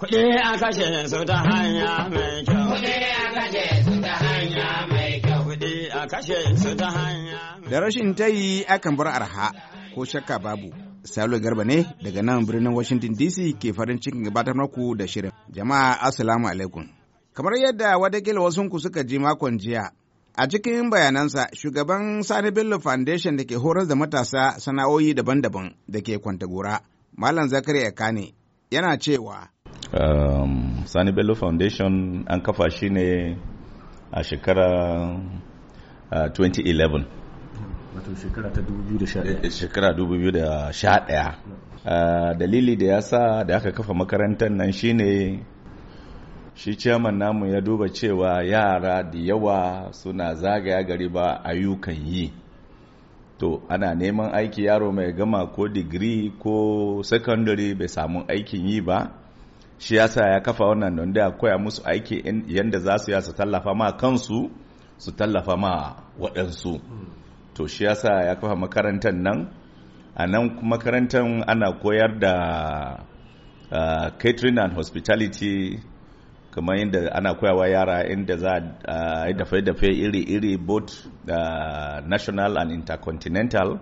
Kuɗi a kashe su ta hanya mai kyau. Kuɗi a kashe su ta hanya mai kyau. Kuɗi a kashe su ta hanya Da rashin tayi akan bar arha ko shakka babu. Salo Garba ne daga nan birnin Washington DC ke farin cikin gabatar maku da shirin. Jama'a Assalamu alaikum. Kamar yadda watakila wasunku suka ji makon jiya, a cikin bayanansa shugaban Sani Bello Foundation da ke horar da matasa sana'o'i daban-daban da ke kwanta gora Malam Zakari akane yana cewa Um, sani bello foundation an kafa shi ne a shekara 2011 uh, wato shekara ta 2011 eh, eh, shekara 2011 uh, dalili da ya sa da aka kafa makarantar nan shine shi ciyaman namu ya duba cewa yara da yawa suna zagaya gari ba ayyukan yi to ana neman aiki yaro mai gama ko digiri ko secondary bai samu aikin yi ba shi yasa ya kafa wannan don da koya musu aiki yadda za su yasa tallafa ma kansu su tallafa ma waɗansu to shi yasa ya kafa makarantar nan a nan makarantar ana koyar da uh, catering and hospitality kamar yadda ana koyawa yara inda za a yi dafe-dafe iri-iri both uh, national and intercontinental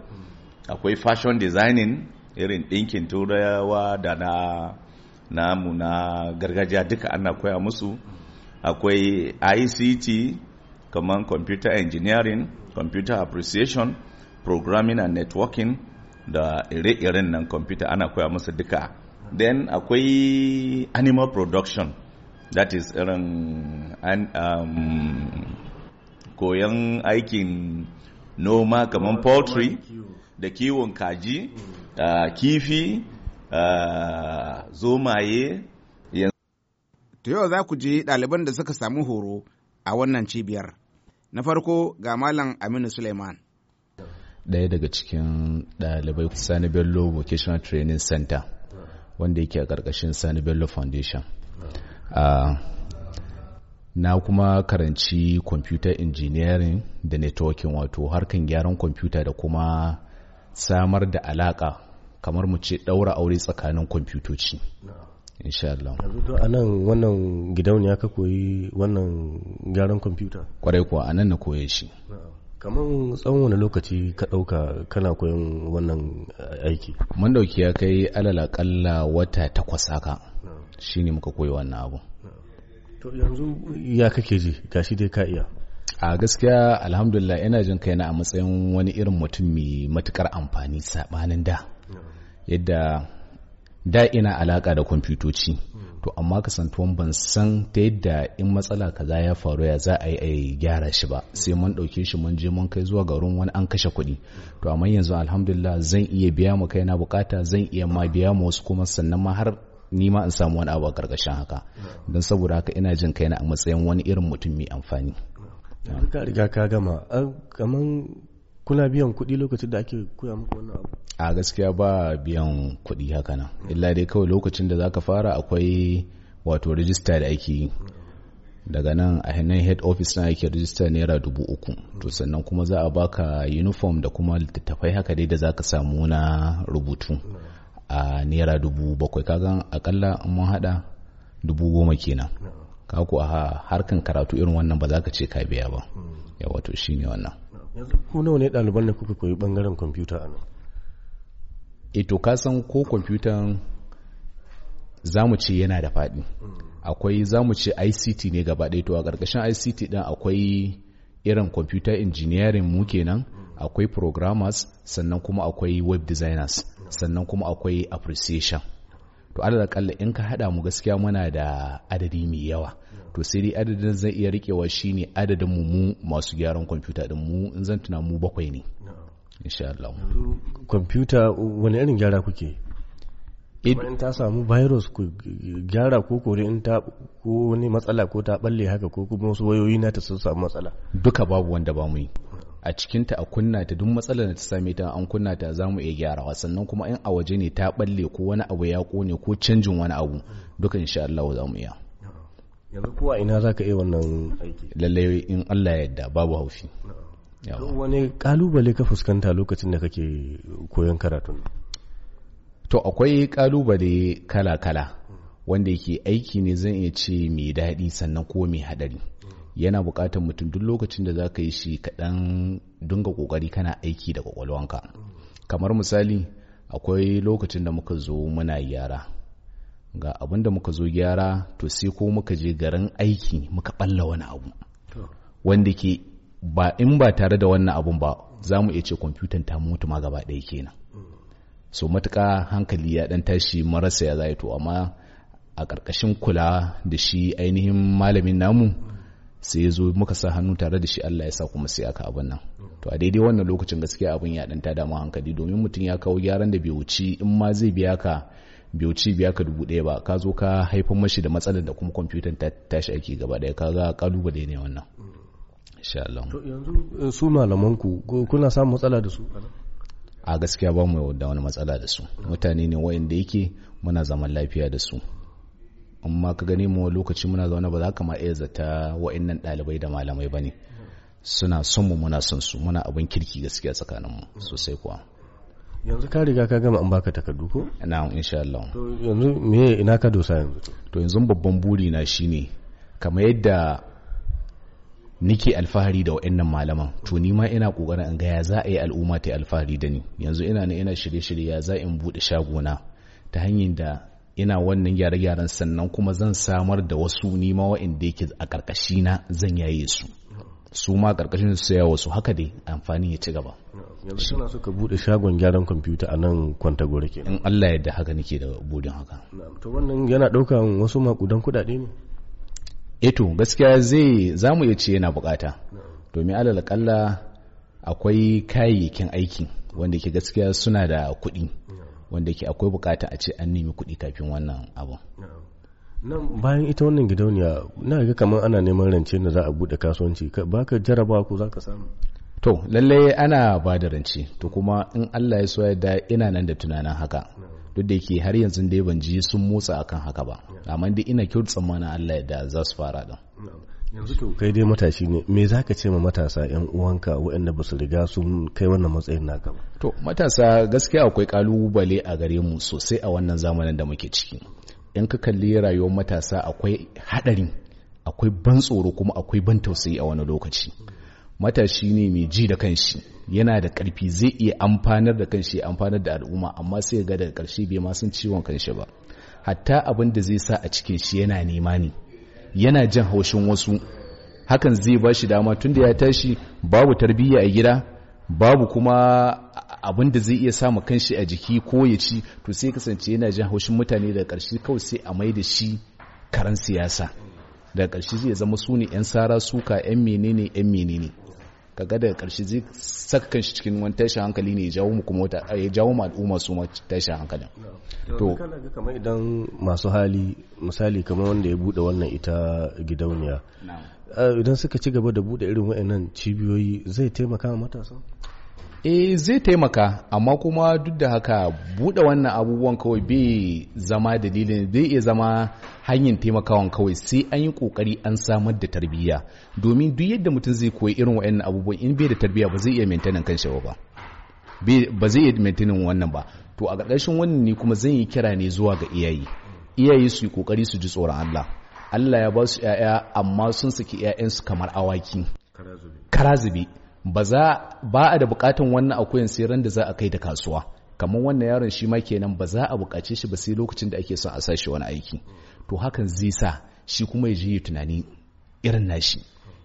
akwai fashion designing irin ɗinkin turawa da na namu na gargajiya duka ana koya musu akwai ict kamar computer engineering computer appreciation programming and networking da ire-iren nan computer ana koya musu duka then akwai animal production that is irin um, koyon aikin noma kamar poultry da kiwon kaji uh, kifi ah, zomaye To yau za ku je ɗaliban da suka samu horo a wannan cibiyar. Na farko ga Malam Aminu Suleiman. Ɗaya daga cikin ɗalibai Sani Bello Vocational Training Center wanda yake a ƙarƙashin Sani Bello Foundation. Ah, na kuma karanci computer engineering da networking wato harkan gyaran kwamfuta da kuma samar da alaƙa kamar mu ce ɗaura aure tsakanin kwamfutoci insha Allah yanzu a nan wannan gidauniya ka koyi wannan gyaran kwamfuta kwarai kuwa a nan na koye shi kamar tsawon wani lokaci ka ɗauka kana koyon wannan aiki mun ɗauki ya kai alal aƙalla wata takwas haka shine muka koyi wannan abu to yanzu ya kake ji gashi dai ka iya a gaskiya alhamdulillah ina jin kaina a matsayin wani irin mutum mai matukar amfani sabanin da yadda da ina alaka da kwamfutoci to amma kasantuwan ban san ta yadda in matsala kaza ya faru ya za a yi a gyara shi ba sai mun ɗauke shi mun je mun kai zuwa garin wani an kashe kuɗi to amma yanzu alhamdulillah zan iya biya mu kai na bukata zan iya ma biya mu wasu kuma sannan ma har ni ma in samu wani abu a karkashin haka don saboda haka ina jin kaina a matsayin wani irin mutum mai amfani ka riga ka gama kuna biyan kuɗi lokacin da ake koya muku wannan abu a gaskiya ba biyan kuɗi haka nan illa dai kawai lokacin da zaka fara akwai wato rijista da ake yi daga nan a hannun head office na ake rijista naira dubu uku to sannan kuma za a baka uniform da kuma littattafai haka dai da zaka samu na rubutu a naira dubu bakwai kaga akalla mun hada dubu goma kenan kaku a harkan karatu irin wannan ba za ka ce ka biya ba hmm. yawa shine wannan yanzu ku nawa ne ɗaliban da kuka koyi ɓangaren kwamfuta a nan eh to ka san ko kwamfutan zamu ce yana da faɗi akwai zamu ce ict ne gaba ɗaya to a ƙarƙashin ict ɗin akwai irin kwamfuta engineering mu kenan akwai programmers sannan kuma akwai web designers sannan kuma akwai appreciation to alal in ka haɗa mu gaskiya muna da adadi mai yawa to sai dai adadin zai iya rikewa shine adadin mu mu masu gyaran kwamfuta din mu in zan tuna mu bakwai ne insha Allah kwamfuta wani irin gyara kuke in ta samu virus ku gyara ko kore in ta ko wani matsala ko ta balle haka ko kuma wasu wayoyi na ta sun samu matsala duka babu wanda ba mu yi a cikinta a kunna ta duk matsalar da ta same ta an kunna ta za mu iya gyarawa sannan kuma in a waje ne ta balle ko wani abu ya kone ko canjin wani abu duka insha Allah za mu iya yanzu kowa ina za ka iya wannan aiki lallai in allah ya yadda babu haushi wani kalubale ka fuskanta lokacin da kake koyon karatun to akwai kalubale kala-kala wanda yake aiki ne zan iya ce mai daɗi sannan ko mai haɗari yana buƙatar mutum duk lokacin da za ka yi shi kaɗan dunga ƙoƙari kana aiki da ƙwaƙwalwanka kamar misali akwai lokacin da muka zo muna yara ga abin da muka zo gyara to sai ko muka je garin aiki muka balla wani abu wanda ke ba in ba tare da wannan abun ba za mu iya ce kwamfutan ta mutu ma gaba ɗaya kenan so matuka hankali ya ɗan tashi marasa ya zai to amma a ƙarƙashin kula da shi ainihin malamin namu sai ya zo muka sa hannu tare da shi Allah ya sa kuma sai aka abin nan to a daidai wannan lokacin gaskiya abin ya ɗan tada mu hankali domin mutum ya kawo gyaran da bai wuci in ma zai biya ka biyoci biya ka dubu ɗaya ba ka zo ka haifar mashi da matsalar da kuma kwamfutan ta tashi aiki gaba ɗaya ka ga kalubale ne wannan insha Allah to yanzu eh, su malaman ku kuna samun matsala da su a gaskiya ba mu da wani matsala da su mutane ne wayanda yake muna zaman lafiya da su amma ka gani mu lokaci muna zaune ba za ka ma iya zata wayannan ɗalibai da malamai ba ne suna son mu muna son su muna abin kirki gaskiya tsakaninmu sosai kuwa yanzu ka riga ka gama an baka takardu ko na'am insha Allah to yanzu me ina ka dosa yanzu to yanzu babban buri na shine kamar yadda nike alfahari da wa'annan malaman to nima ina kokarin in ga ya za a yi al'umma ta alfahari da ni yanzu ina ne ina shirye-shirye ya za in bude shagona ta hanyar da ina wannan gyare-gyaren sannan kuma zan samar da wasu nima wa'anda yake a karkashina zan yaye su su ma karkashin su saya wasu haka dai amfani ya ci gaba yanzu suna suka bude shagon gyaran kwamfuta a nan kwanta gore ke in Allah yadda haka nake da budin haka to wannan yana daukan wasu makudan kudade ne eto eh gaskiya zai zamu iya ce yana bukata domin alal akwai kayayyakin aiki wanda ke gaskiya suna da kuɗi wanda ke akwai bukata a ce an nemi kuɗi kafin wannan abu nan bayan ita wannan gidauniya na ga kamar ana neman rance da za a bude kasuwanci ba ka jaraba ko za ka samu to lalle ana ba da rance to kuma in Allah ya so da ina nan da tunanin haka duk da yake har yanzu dai ban ji sun motsa akan haka ba amma dai ina kyautu tsammanin Allah da za su fara din yanzu to kai dai matashi ne me za ka ce ma matasa yan uwanka waɗanda ba su riga sun kai wannan matsayin naka ba to matasa gaskiya akwai kalubale a gare mu sosai a wannan zamanin da muke ciki in ka kalli rayuwar matasa akwai haɗari akwai ban tsoro kuma akwai ban tausayi a wani lokaci matashi ne mai ji da kanshi yana da karfi zai iya amfanar da kanshi amfanar da al'umma amma sai ga daga ƙarshe bai ma san ciwon kanshi ba hatta abin da zai sa a cikin shi yana nema ne yana jin haushin wasu hakan zai ba shi dama tunda ya tashi babu tarbiyya a gida babu kuma abin da zai iya samu kanshi a jiki ko ya ci to sai kasance yana jin haushin mutane da ƙarshe kawai sai a mai da shi karan siyasa da ƙarshe zai zama su ne 'yan sara suka 'yan menene 'yan menene kaga daga ƙarshe zai saka kanshi cikin wani tashin hankali ne ya jawo mu al'umma su ma tashin hankalin to kamar idan masu hali misali kamar wanda ya bude wannan ita gidauniya Eh, idan suka ci gaba da bude irin waɗannan cibiyoyi zai taimaka matasa e zai taimaka amma kuma duk da haka bude wannan abubuwan kawai bai zama dalilin zai iya zama hanyar taimakawan kawai sai an yi kokari an samar da tarbiyya domin duk yadda mutum zai koyi irin waɗannan abubuwan in bai da tarbiyya ba zai iya kan kanshi ba ba zai iya maintainin wannan ba to a ƙarƙashin wannan ne kuma zan yi kira ne zuwa ga iyaye iyaye su yi kokari su ji tsoron Allah Allah ya ba su ‘ya'ya amma sun saki 'ya'yan su kamar awaki Karazubi. ba za ba a da bukatan wannan akuyan sai ran da za a kai da kasuwa kamar wannan yaron shi ma kenan ba za a bukace shi ba sai lokacin da ake son a sashi wani aiki to hakan zai sa shi kuma ya je ya tunani irin nashi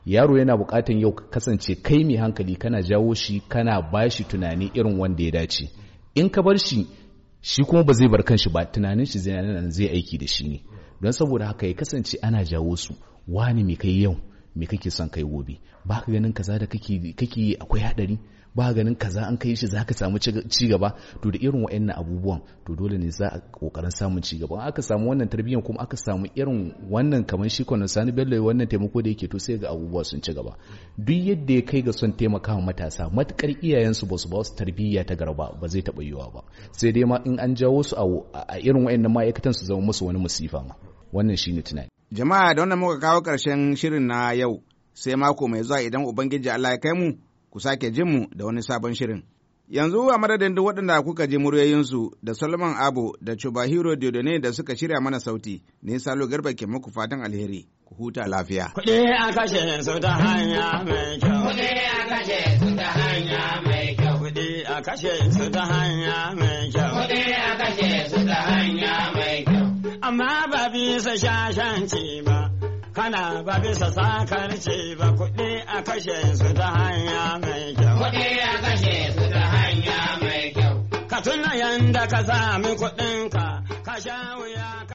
yaro yana bukatan yau kasance kai mai hankali kana jawo shi kana bashi tunani irin wanda ya dace in ka bar shi shi kuma ba zai bar kanshi ba tunanin shi zai nan zai aiki da shi ne don saboda haka ya kasance ana jawo su wani me kai yau me kake son kai gobe ba ka ganin kaza da kake yi akwai hadari ba ganin kaza an kai shi za ka samu ci gaba to da irin wa'annan abubuwan to dole ne za a kokarin samun cigaba gaba aka samu wannan tarbiyyar kuma aka samu irin wannan kamar shi kwanan sani bello wannan taimako da yake to sai ga abubuwa sun ci gaba duk yadda ya kai ga son taimakawa matasa matukar iyayensu ba su ba su tarbiyya ta garba ba zai taba yiwuwa ba sai dai ma in an jawo su a irin wa'annan ma'aikatan su zama musu wani musifa ma. wannan shi ne tunani jama'a da wannan muka kawo karshen shirin na yau sai mako mai zuwa idan ubangiji Allah ya kai mu ku sake jin mu da wani sabon shirin yanzu a madadin duk waɗanda kuka ji muryoyinsu da Solomon Abu da Chubahiro Diodone da suka shirya mana sauti ne Salo Garba ke muku fatan alheri ku huta lafiya kuɗi a kashe su kashe su ta hanya mai kyau amma ba bisa shashanci ba, kana ba bisa ce ba kuɗi a kashe su ta hanya mai kyau. Kuɗi a kashe su ta hanya mai kyau. Ka tuna yanda ka sami kuɗinka, ka sha wuya.